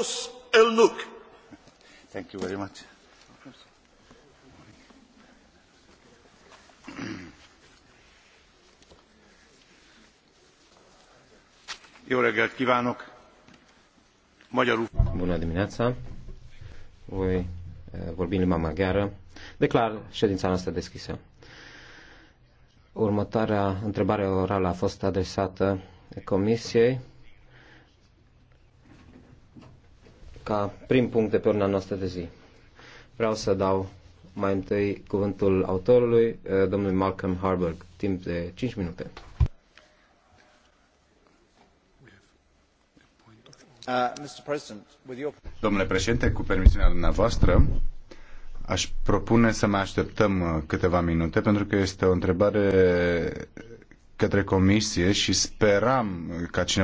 Os Elnuk. Thank you very much. Jó reggelt kívánok! Magyarul. Bună dimineața! Voi eh, vorbi în limba maghiară. Declar ședința noastră deschisă. Următoarea întrebare orală a fost adresată Comisiei. ca prim punct de pe ordinea noastră de zi. Vreau să dau mai întâi cuvântul autorului, eh, domnului Malcolm Harburg, timp de 5 minute. Uh, Domnule președinte, cu permisiunea dumneavoastră, aș propune să mai așteptăm uh, câteva minute, pentru că este o întrebare către comisie și speram ca cineva